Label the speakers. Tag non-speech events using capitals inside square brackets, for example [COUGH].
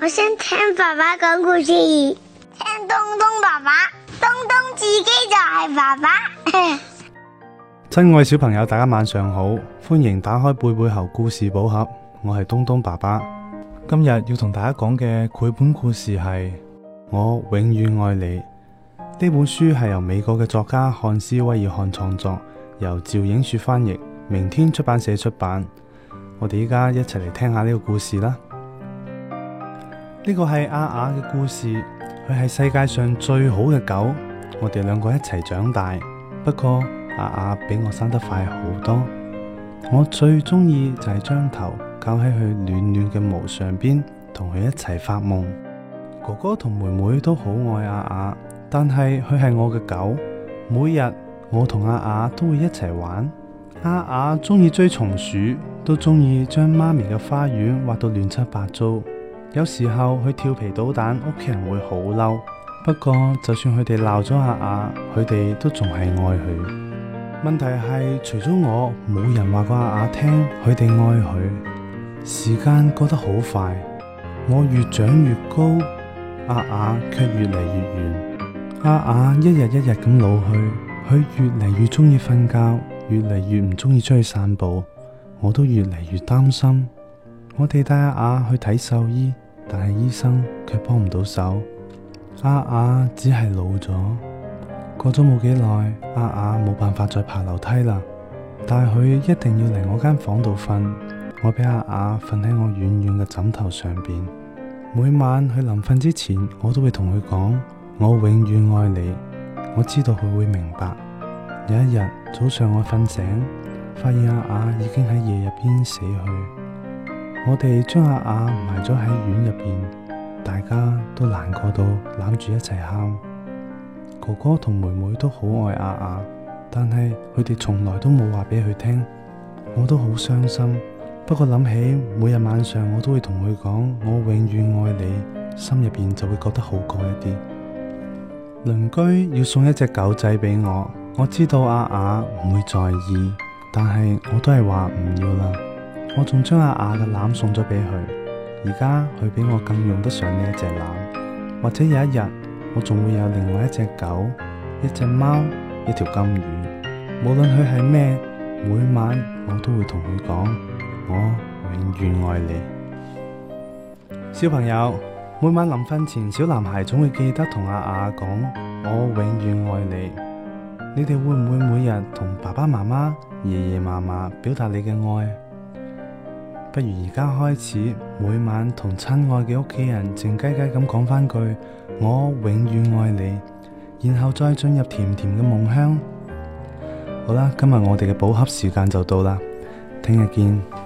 Speaker 1: 我想聽爸爸講故事，聽東東爸爸。東東自己就係爸爸。親 [LAUGHS] 愛小朋友，大家晚上好，歡迎打開貝貝猴故事寶盒。我係東東爸爸，今日要同大家講嘅繪本故事係《我永遠愛你》。呢本書係由美國嘅作家漢思威爾罕創作，由趙映雪翻譯。明天出版社出版，我哋依家一齊嚟聽下呢個故事啦。呢個係阿雅嘅故事，佢係世界上最好嘅狗。我哋兩個一齊長大，不過阿雅比我生得快好多。我最中意就係將頭靠喺佢暖暖嘅毛上邊，同佢一齊發夢。哥哥同妹妹都好愛阿雅，但係佢係我嘅狗。每日我同阿雅都會一齊玩。阿雅中意追松鼠，都中意將媽咪嘅花園挖到亂七八糟。有時候佢調皮搗蛋，屋企人會好嬲。不過就算佢哋鬧咗阿雅，佢哋都仲係愛佢。問題係除咗我，冇人話過阿雅聽佢哋愛佢。時間過得好快，我越長越高，阿雅卻越嚟越圓。阿雅一日一日咁老去，佢越嚟越中意瞓覺。越嚟越唔中意出去散步，我都越嚟越擔心。我哋帶阿雅去睇獸醫，但係醫生卻幫唔到手。阿雅只係老咗，過咗冇幾耐，阿雅冇辦法再爬樓梯啦。但係佢一定要嚟我間房度瞓，我俾阿雅瞓喺我遠遠嘅枕頭上邊。每晚佢臨瞓之前，我都會同佢講：我永遠愛你。我知道佢會明白。有一日早上，我瞓醒，發現阿雅已經喺夜入邊死去。我哋將阿雅埋咗喺院入邊，大家都難過到攬住一齊喊。哥哥同妹妹都好愛阿雅，但係佢哋從來都冇話俾佢聽。我都好傷心，不過諗起每日晚上我都會同佢講我永遠愛你，心入邊就會覺得好過一啲。鄰居要送一隻狗仔俾我。我知道阿雅唔會在意，但係我都係話唔要啦。我仲將阿雅嘅籃送咗俾佢，而家佢比我更用得上呢一隻籃。或者有一日，我仲會有另外一隻狗、一隻貓、一條金魚，無論佢係咩，每晚我都會同佢講，我永遠愛你。 [LAUGHS] 小朋友，每晚臨瞓前，小男孩總會記得同阿雅講，我永遠愛你。你哋會唔會每日同爸爸媽媽、爺爺嫲嫲，表達你嘅愛？不如而家開始每晚同親愛嘅屋企人靜雞雞咁講翻句我永遠愛你，然後再進入甜甜嘅夢鄉。好啦，今日我哋嘅寶盒時間就到啦，聽日見。